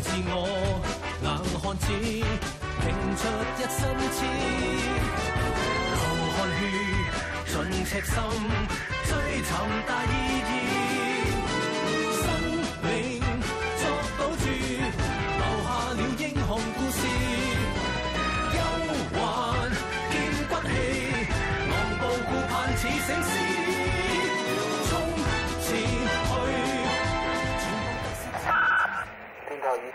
自我硬漢子，拼出一身痴，流汗血，盡赤心，追尋大意義。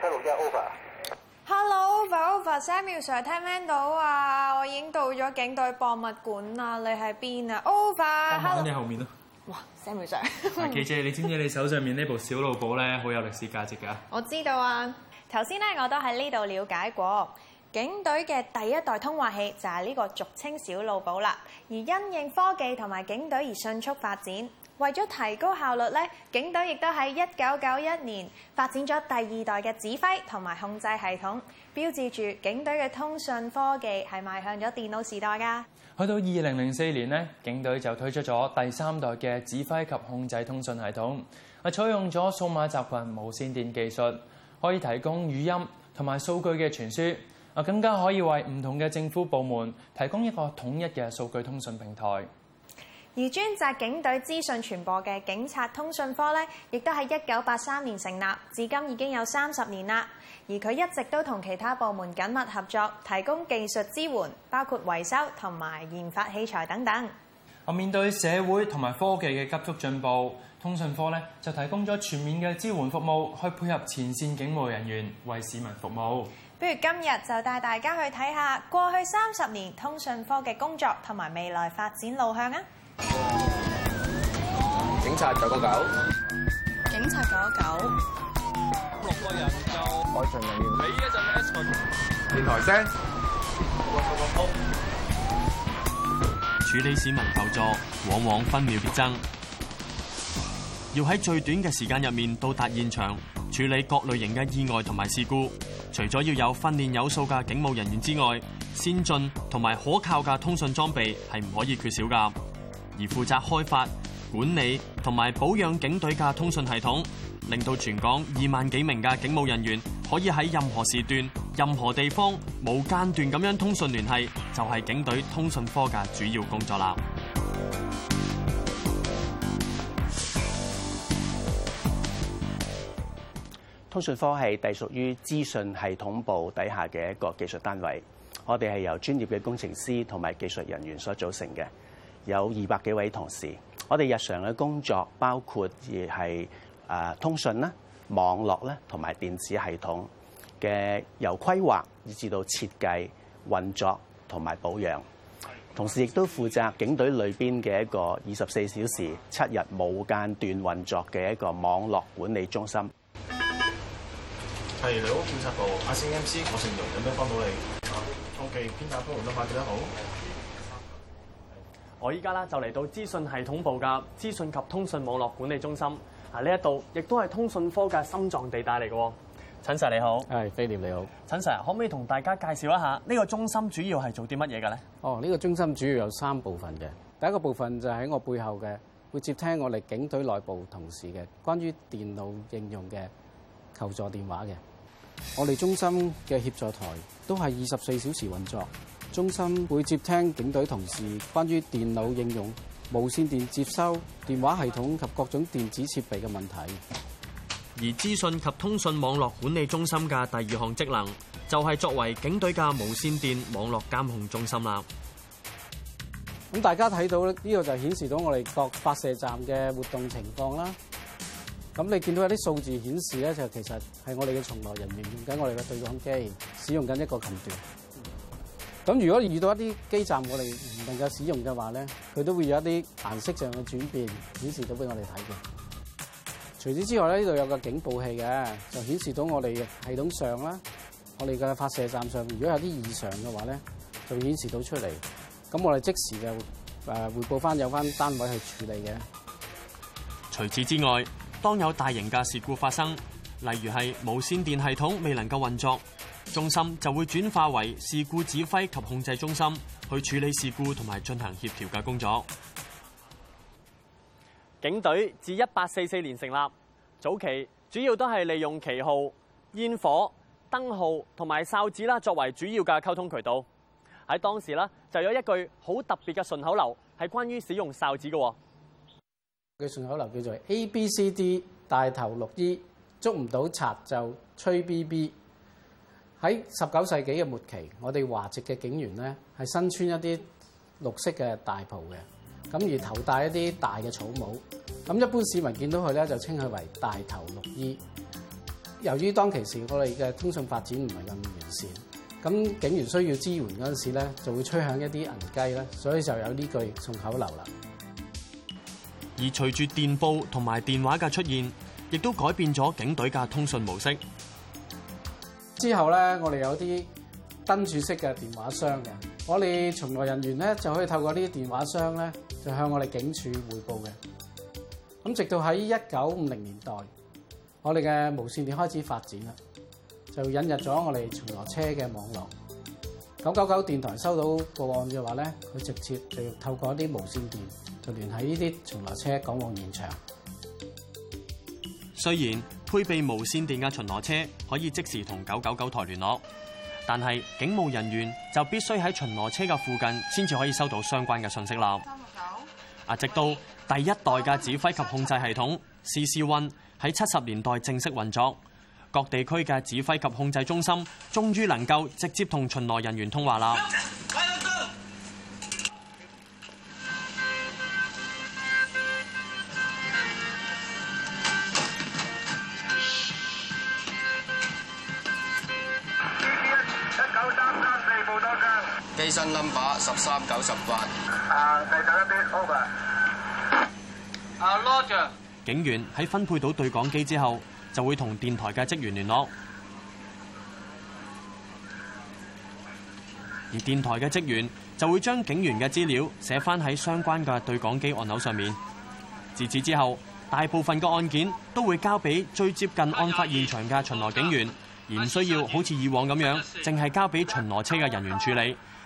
hello，over，over，Samuel，Sir，hello，聽聽到啊？我已經到咗警隊博物館啦，你喺邊啊？over，hello，你後面咯。哇，Samuel，Sir。Samuel Sir 記者，你知唔知你手上面呢部小路寶咧，好有歷史價值噶？我知道啊，頭先咧，我都喺呢度了解過警隊嘅第一代通話器就係呢個俗稱小路寶啦，而因應科技同埋警隊而迅速發展。為咗提高效率咧，警隊亦都喺一九九一年發展咗第二代嘅指揮同埋控制系統，標誌住警隊嘅通訊科技係邁向咗電腦時代噶。去到二零零四年咧，警隊就推出咗第三代嘅指揮及控制通訊系統，啊採用咗數碼集群無線電技術，可以提供語音同埋數據嘅傳輸，啊更加可以為唔同嘅政府部門提供一個統一嘅數據通訊平台。而專責警隊資訊傳播嘅警察通訊科咧，亦都喺一九八三年成立，至今已經有三十年啦。而佢一直都同其他部門緊密合作，提供技術支援，包括維修同埋研發器材等等。我面對社會同埋科技嘅急速進步，通訊科咧就提供咗全面嘅支援服務，去配合前線警務人員為市民服務。不如今日就帶大家去睇下過去三十年通訊科嘅工作同埋未來發展路向啊！警察九九九，警察九九九。六個人就，安全人員。俾一陣 S 台，電台聲。好、哦。哦哦、處理市民求助，往往分秒必爭，要喺最短嘅時間入面到達現場處理各類型嘅意外同埋事故。除咗要有訓練有素嘅警務人員之外，先進同埋可靠嘅通訊裝備係唔可以缺少㗎。而負責開發、管理同埋保養警隊嘅通訊系統，令到全港二萬幾名嘅警務人員可以喺任何時段、任何地方無間斷咁樣通訊聯繫，就係警隊通訊科嘅主要工作啦。通訊科係隸屬於資訊系統部底下嘅一個技術單位，我哋係由專業嘅工程師同埋技術人員所組成嘅。有二百幾位同事，我哋日常嘅工作包括而係誒、啊、通訊啦、網絡咧，同埋電子系統嘅由規劃以至到設計、運作同埋保養。同時亦都負責警隊裏邊嘅一個二十四小時七日冇間斷運作嘅一個網絡管理中心。係你好，警察部，阿、啊、司 m c 我姓容，有咩幫到你？科技編輯工都發展得好。我依家咧就嚟到資訊系統部嘅資訊及通訊網絡管理中心，啊呢一度亦都係通訊科嘅心臟地帶嚟嘅。陳 sir 你好，係菲廉，你好，陳 sir 可唔可以同大家介紹一下呢個中心主要係做啲乜嘢嘅咧？哦，呢個中心主要有三部分嘅，第一個部分就係喺我背後嘅，會接聽我哋警隊內部同事嘅關於電腦應用嘅求助電話嘅。我哋中心嘅協助台都係二十四小時運作。中心會接聽警隊同事關於電腦應用、無線電接收、電話系統及各種電子設備嘅問題。而資訊及通訊網絡管理中心嘅第二項職能，就係、是、作為警隊嘅無線電網絡監控中心啦。咁大家睇到呢、這個就顯示到我哋各發射站嘅活動情況啦。咁你見到有啲數字顯示咧，就其實係我哋嘅從來人員用緊我哋嘅對講機，使用緊一個頻段。咁如果遇到一啲基站我哋唔能夠使用嘅話呢，咧，佢都會有一啲顏色上嘅轉變顯示到俾我哋睇嘅。除此之外咧，呢度有個警報器嘅，就顯示到我哋系統上啦，我哋嘅發射站上，如果有啲異常嘅話，咧，就會顯示到出嚟。咁我哋即時嘅誒匯報翻有關單位去處理嘅。除此之外，當有大型嘅事故發生，例如係無線電系統未能夠運作。中心就會轉化為事故指揮及控制中心去處理事故同埋進行協調嘅工作。警隊自一八四四年成立，早期主要都係利用旗號、煙火、燈號同埋哨子啦，作為主要嘅溝通渠道。喺當時呢就有一句好特別嘅順口溜，係關於使用哨子嘅。嘅順口溜叫做 A B C D 大頭綠衣，捉唔到賊就吹 B B。喺十九世紀嘅末期，我哋華籍嘅警員呢係身穿一啲綠色嘅大袍嘅，咁而頭戴一啲大嘅草帽，咁一般市民見到佢呢，就稱佢為大頭綠衣。由於當其時我哋嘅通訊發展唔係咁完善，咁警員需要支援嗰陣時咧，就會吹響一啲銀雞啦，所以就有呢句順口溜啦。而隨住電報同埋電話嘅出現，亦都改變咗警隊嘅通訊模式。之後咧，我哋有啲燈柱式嘅電話箱嘅，我哋巡邏人員咧就可以透過呢啲電話箱咧，就向我哋警署匯報嘅。咁直到喺一九五零年代，我哋嘅無線電開始發展啦，就引入咗我哋巡邏車嘅網絡。九九九電台收到報案嘅話咧，佢直接就透過一啲無線電就聯繫呢啲巡邏車趕往現場。雖然配備無線電嘅巡邏車，可以即時同九九九台聯絡，但係警務人員就必須喺巡邏車嘅附近，先至可以收到相關嘅訊息啦。啊，直到第一代嘅指揮及控制系統 CC One 喺七十年代正式運作，各地區嘅指揮及控制中心終於能夠直接同巡邏人員通話啦。三九十八。啊，警員喺分配到對講機之後，就會同電台嘅職員聯絡。而電台嘅職員就會將警員嘅資料寫翻喺相關嘅對講機按鈕上面。自此之後，大部分嘅案件都會交俾最接近案發現場嘅巡邏警員，而唔需要好似以往咁樣，淨係交俾巡邏車嘅人員處理。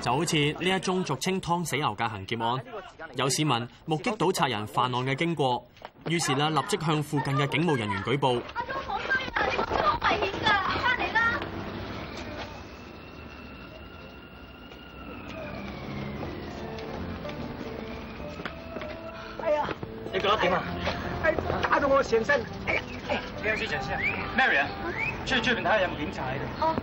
就好似呢一宗俗稱湯死牛嘅行劫案，有市民目擊到賊人犯案嘅經過，於是立即向附近嘅警務人員舉報。阿叔好衰啊，你好危險噶，翻嚟啦。哎呀，你覺得點啊？打中我上身。Maria 出出邊睇下有冇警察。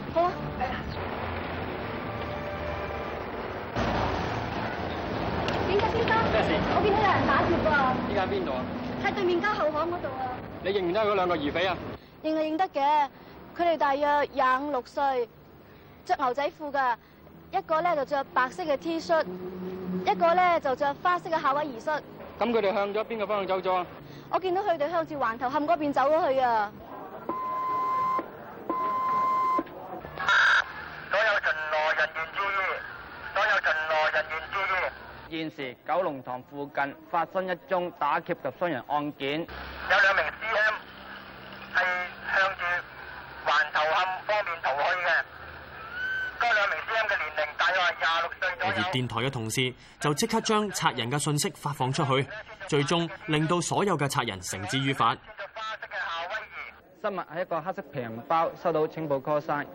我見到有人打劫喎！依家喺邊度啊？喺對面間後巷嗰度啊！你認唔認得嗰兩個疑匪啊？認係認得嘅，佢哋大約廿五六歲，着牛仔褲㗎，一個咧就着白色嘅 T 恤，一個咧就着花色嘅夏威夷恤。咁佢哋向咗邊個方向，了向走咗啊？我見到佢哋向住環頭冚嗰邊走咗去啊！現時九龍塘附近發生一宗打劫及傷人案件，有兩名 C M 係向住橫頭磡方面逃去嘅。嗰兩名 C M 嘅年齡大約係廿六歲。無線電台嘅同事就即刻將賊人嘅信息發放出去，最終令到所有嘅賊人繩之於法。花式嘅夏威夷，失物係一個黑色皮包，收到請報 call sign。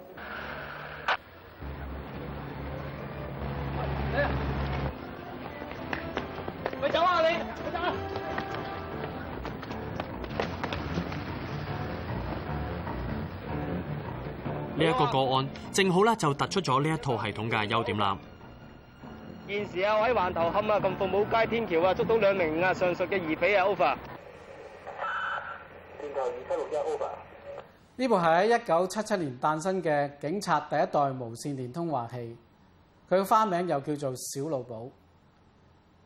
個個案正好咧，就突出咗呢一套系統嘅優點啦。現時啊，喺環頭坎啊，近鳳舞街天橋啊，捉到兩名啊，上述嘅疑匪啊 over。一 over。呢部係喺一九七七年誕生嘅警察第一代無線電通話器，佢嘅花名又叫做小露寶。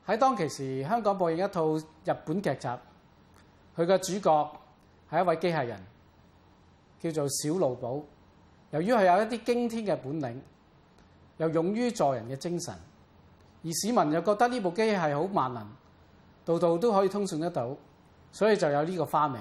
喺當其時，香港播映一套日本劇集，佢嘅主角係一位機械人，叫做小露寶。由於係有一啲驚天嘅本領，又勇於助人嘅精神，而市民又覺得呢部機器好萬能，度度都可以通訊得到，所以就有呢個花名。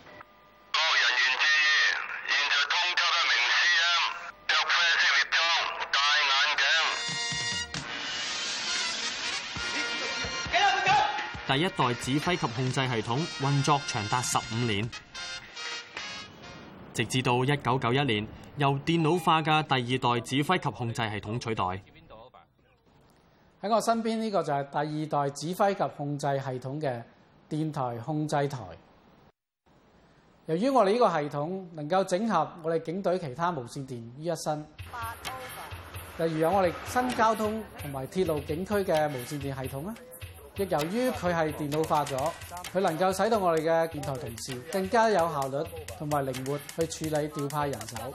第一代指揮及控制系統運作長達十五年，直至到一九九一年由電腦化嘅第二代指揮及控制系統取代。喺我身邊，呢個就係第二代指揮及控制系統嘅電台控制台。由於我哋呢個系統能夠整合我哋警隊其他無線電於一身，例如有我哋新交通同埋鐵路警區嘅無線電系統啊。亦由於佢係電腦化咗，佢能夠使到我哋嘅電台同事更加有效率同埋靈活去處理調派人手。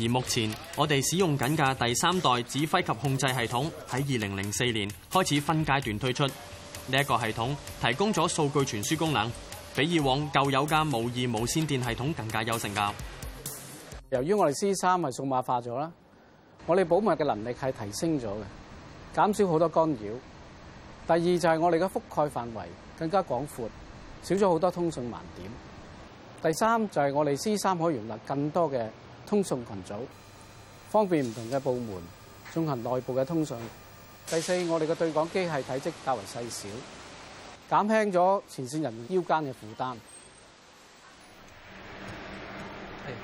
而目前我哋使用緊嘅第三代指揮及控制系統喺二零零四年開始分階段推出呢一個系統，提供咗數據傳輸功能，比以往舊有嘅模擬無線電系統更加有成效。由於我哋 C 三係數碼化咗啦，我哋保密嘅能力係提升咗嘅。減少好多干擾。第二就係我哋嘅覆蓋範圍更加廣闊，少咗好多通訊盲點。第三就係我哋 C 三可以容納更多嘅通訊群組，方便唔同嘅部門進行內部嘅通訊。第四，我哋嘅對講機係體積較為細小，減輕咗前線人員腰間嘅負擔。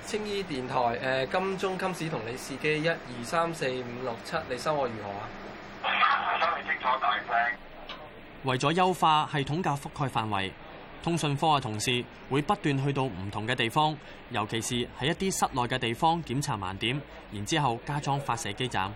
青衣電台誒，金鐘金市同你試機，一二三四五六七，你收我如何啊？為咗優化系統嘅覆蓋範圍，通訊科嘅同事會不斷去到唔同嘅地方，尤其是喺一啲室內嘅地方檢查盲點，然之後加裝發射基站。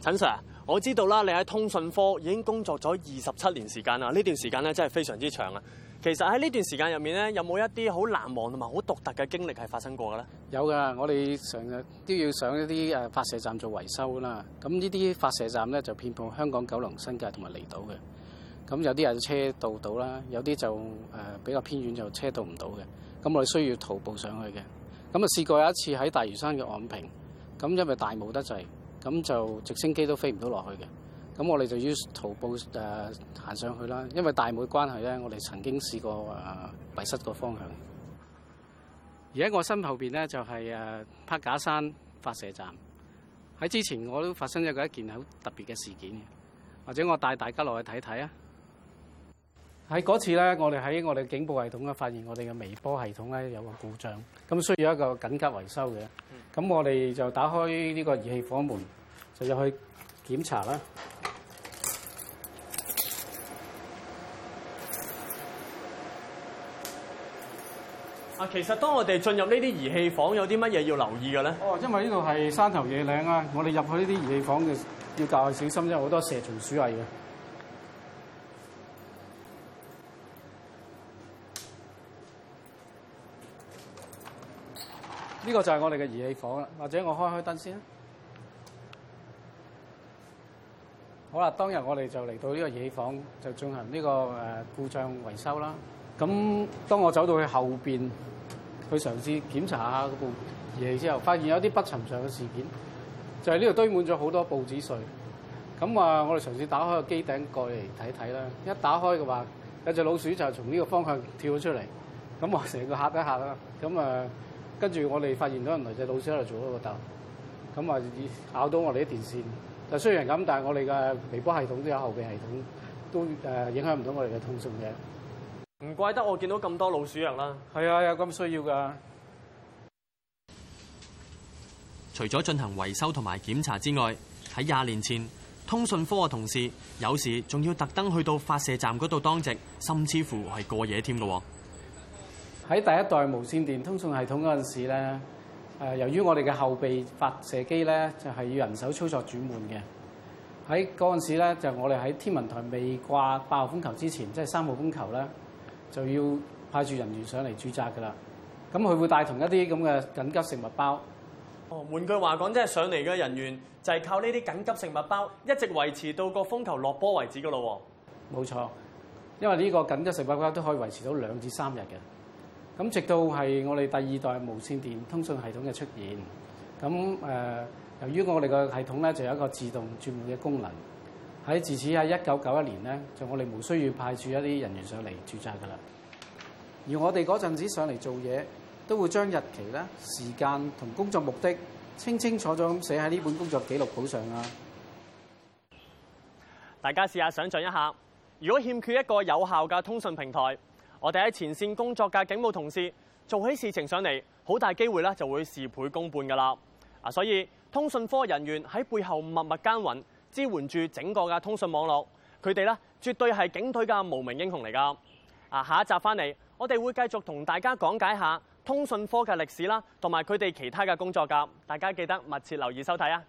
陳 Sir，我知道啦，你喺通訊科已經工作咗二十七年時間啦，呢段時間咧真係非常之長啊！其實喺呢段時間入面咧，有冇一啲好難忘同埋好獨特嘅經歷係發生過嘅咧？有㗎，我哋成日都要上一啲誒發射站做維修啦。咁呢啲發射站咧就遍布香港九龍、新界同埋離島嘅。咁有啲係車到到啦，有啲就誒、呃、比較偏遠就車到唔到嘅。咁我哋需要徒步上去嘅。咁啊試過有一次喺大嶼山嘅昂坪，咁因為大霧得滯，咁就直升機都飛唔到落去嘅。咁我哋就要徒步誒行、呃、上去啦。因為大霧嘅關係咧，我哋曾經試過誒迷、呃、失個方向。而喺我身後邊咧，就係誒柏架山發射站。喺之前我都發生咗一件好特別嘅事件，或者我帶大家落去睇睇啊。喺嗰次咧，我哋喺我哋警報系統咧發現我哋嘅微波系統咧有個故障，咁需要一個緊急維修嘅。咁我哋就打開呢個儀器房門，就入去檢查啦。啊，其實當我哋進入呢啲儀器房，有啲乜嘢要留意嘅咧？哦，因為呢度係山頭野嶺啊，我哋入去呢啲儀器房嘅，要格外小心，因為好多蛇蟲鼠蟻嘅。呢個就係我哋嘅儀器房啦，或者我開開燈先啦。好啦，當日我哋就嚟到呢個儀器房，就進行呢個誒故障維修啦。咁當我走到去後面，去嘗試檢查下嗰部嘢之後，發現有啲不尋常嘅事件，就係呢度堆滿咗好多報紙碎。咁啊，我哋嘗試打開個機頂蓋嚟睇睇啦。一打開嘅話，有隻老鼠就係從呢個方向跳咗出嚟。咁啊，成個嚇得一嚇啦。咁啊，跟住我哋發現到原來隻老鼠喺度做咗個竇。咁啊，咬到我哋啲電線。就雖然咁，但係我哋嘅微波系統都有後備系統，都影響唔到我哋嘅通訊嘅。唔怪得我見到咁多老鼠藥啦。係啊，有咁需要噶。除咗進行維修同埋檢查之外，喺廿年前，通訊科嘅同事有時仲要特登去到發射站嗰度當值，甚至乎係過夜添嘅。喺第一代無線電通訊系統嗰陣時咧，誒，由於我哋嘅後備發射機咧就係要人手操作轉換嘅。喺嗰陣時咧，就我哋喺天文台未掛八號風球之前，即係三號風球咧，就要派駐人員上嚟駐紮㗎啦，咁佢會帶同一啲咁嘅緊急食物包。哦，換句話講，即係上嚟嘅人員就係靠呢啲緊急食物包一直維持到個風球落波為止㗎咯喎。冇錯，因為呢個緊急食物包都可以維持到兩至三日嘅。咁直到係我哋第二代無線電通訊系統嘅出現，咁、呃、由於我哋個系統咧就有一個自動轉換嘅功能，喺自此喺一九九一年呢，就我哋無需要派駐一啲人員上嚟駐紮噶啦。而我哋嗰陣時上嚟做嘢，都會將日期咧、時間同工作目的清清楚楚咁寫喺呢本工作記錄簿上啊。大家試下想像一下，如果欠缺一個有效嘅通訊平台，我哋喺前線工作嘅警務同事做起事情上嚟，好大機會咧就會事倍功半噶啦。啊，所以通訊科人員喺背後默默耕耘。支援住整個嘅通訊網絡，佢哋咧絕對係警隊嘅無名英雄嚟㗎。啊，下一集翻嚟，我哋會繼續同大家講解下通訊科嘅歷史啦，同埋佢哋其他嘅工作㗎。大家記得密切留意收睇啊。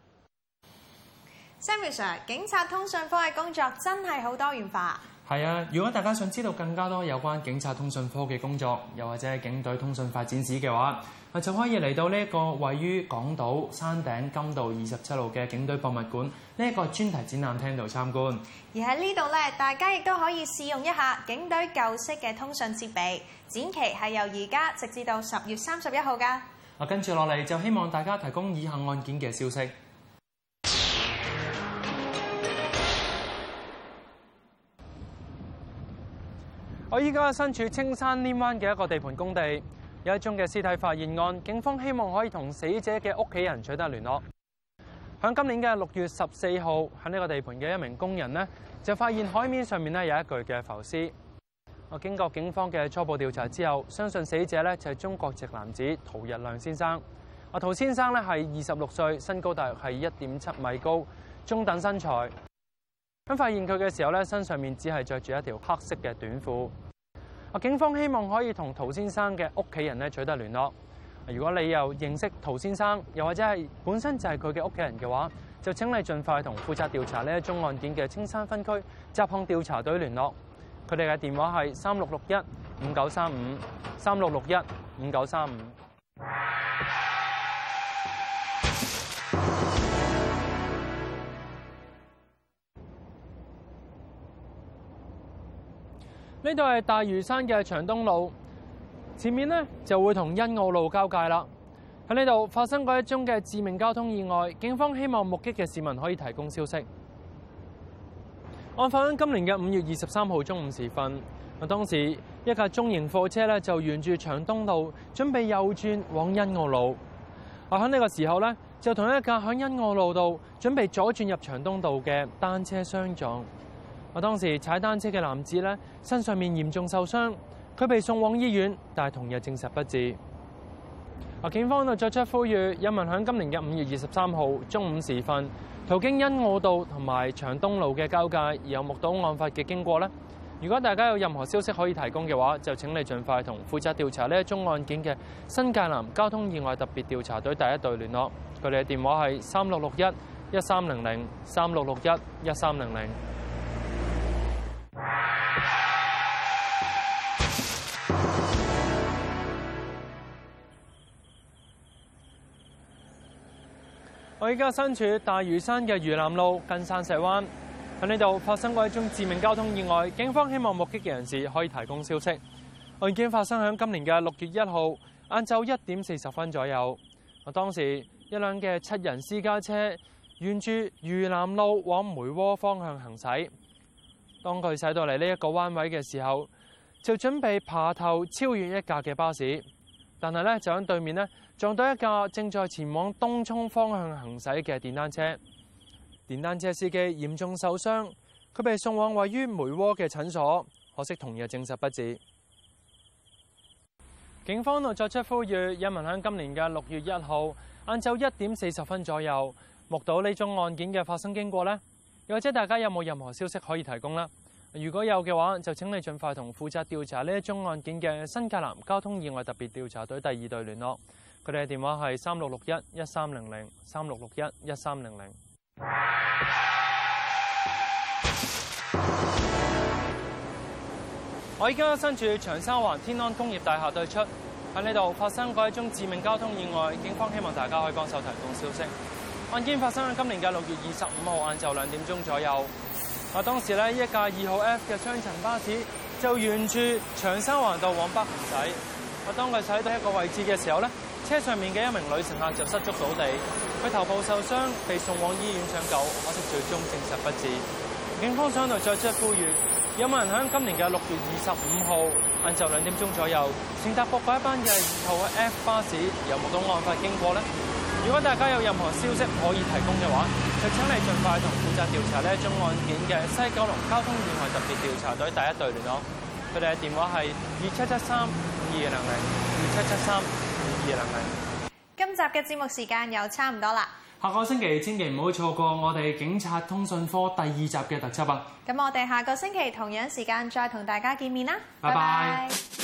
Sammy Sir，警察通訊科嘅工作真係好多元化。係啊！如果大家想知道更加多有關警察通訊科嘅工作，又或者係警隊通訊發展史嘅話，就可以嚟到呢一個位於港島山頂金道二十七號嘅警隊博物館呢一個專題展覽廳度參觀。而喺呢度咧，大家亦都可以試用一下警隊舊式嘅通訊設備。展期係由而家直至到十月三十一號㗎。啊，跟住落嚟就希望大家提供以下案件嘅消息。我依家身處青山灣嘅一個地盤工地，有一宗嘅屍體發現案，警方希望可以同死者嘅屋企人取得聯絡。喺今年嘅六月十四號，喺呢個地盤嘅一名工人呢，就發現海面上面呢有一具嘅浮屍。我經過警方嘅初步調查之後，相信死者呢就係中國籍男子陶日亮先生。啊，陶先生呢係二十六歲，身高大約係一點七米高，中等身材。咁發現佢嘅時候咧，身上面只係着住一條黑色嘅短褲。啊，警方希望可以同陶先生嘅屋企人咧取得聯絡。如果你又認識陶先生，又或者係本身就係佢嘅屋企人嘅話，就請你盡快同負責調查呢一宗案件嘅青山分區雜項調查隊聯絡。佢哋嘅電話係三六六一五九三五三六六一五九三五。呢度係大嶼山嘅長東路，前面呢就會同欣澳路交界啦。喺呢度發生過一宗嘅致命交通意外，警方希望目擊嘅市民可以提供消息。案發喺今年嘅五月二十三號中午時分，當時一架中型貨車咧就沿住長東路準備右轉往欣澳路，啊喺呢個時候咧就同一架響欣澳路度準備左轉入長東道嘅單車相撞。我當時踩單車嘅男子身上面嚴重受傷，佢被送往醫院，但同日證實不治。啊，警方就作出呼籲，有民響今年嘅五月二十三號中午時分，途經恩澳道同埋長東路嘅交界，而有目睹案發嘅經過。如果大家有任何消息可以提供嘅話，就請你盡快同負責調查呢宗案件嘅新界南交通意外特別調查隊第一隊聯絡。佢哋嘅電話係三六六一一三零零三六六一一三零零。我而家身處大嶼山嘅嶼南路近山石灣，喺呢度發生過一宗致命交通意外，警方希望目擊嘅人士可以提供消息。案件發生喺今年嘅六月一號晏晝一點四十分左右。當時一輛嘅七人私家車沿住嶼南路往梅窩方向行駛，當佢駛到嚟呢一個彎位嘅時候，就準備爬頭超越一架嘅巴士。但係咧，就喺對面咧撞到一架正在前往東涌方向行駛嘅電單車，電單車司機嚴重受傷，佢被送往位於梅窩嘅診所，可惜同日證實不治。警方度作出呼籲，有冇人喺今年嘅六月一號晏晝一點四十分左右目睹呢宗案件嘅發生經過呢？又或者大家有冇任何消息可以提供咧？如果有嘅話，就請你盡快同負責調查呢一宗案件嘅新界南交通意外特別調查隊第二隊聯絡。佢哋嘅電話係三六六一一三零零三六六一一三零零。00, 我依家身處長沙灣天安工業大廈對出，喺呢度發生過一宗致命交通意外，警方希望大家可以幫手提供消息。案件發生喺今年嘅六月二十五號晏晝兩點鐘左右。我當時咧一架二號 F 嘅雙層巴士就沿住長沙灣道往北行駛。我當佢駛到一個位置嘅時候咧，車上面嘅一名女乘客就失足倒地，佢頭部受傷，被送往醫院搶救，可惜最終證實不治。警方上度再一呼籲，有冇人響今年嘅六月二十五號晏晝兩點鐘左右乘搭過嗰一班嘅二號 F 巴士有冇到案發經過咧？如果大家有任何消息可以提供嘅話，就請你盡快同負責調查呢宗案件嘅西九龍交通意外特別調查隊第一隊聯絡，佢哋嘅電話係二七七三二零零，二七七三二零零。今集嘅節目時間又差唔多啦，下個星期千祈唔好錯過我哋警察通訊科第二集嘅特輯啊！咁我哋下個星期同樣時間再同大家見面啦，拜拜 bye。Bye bye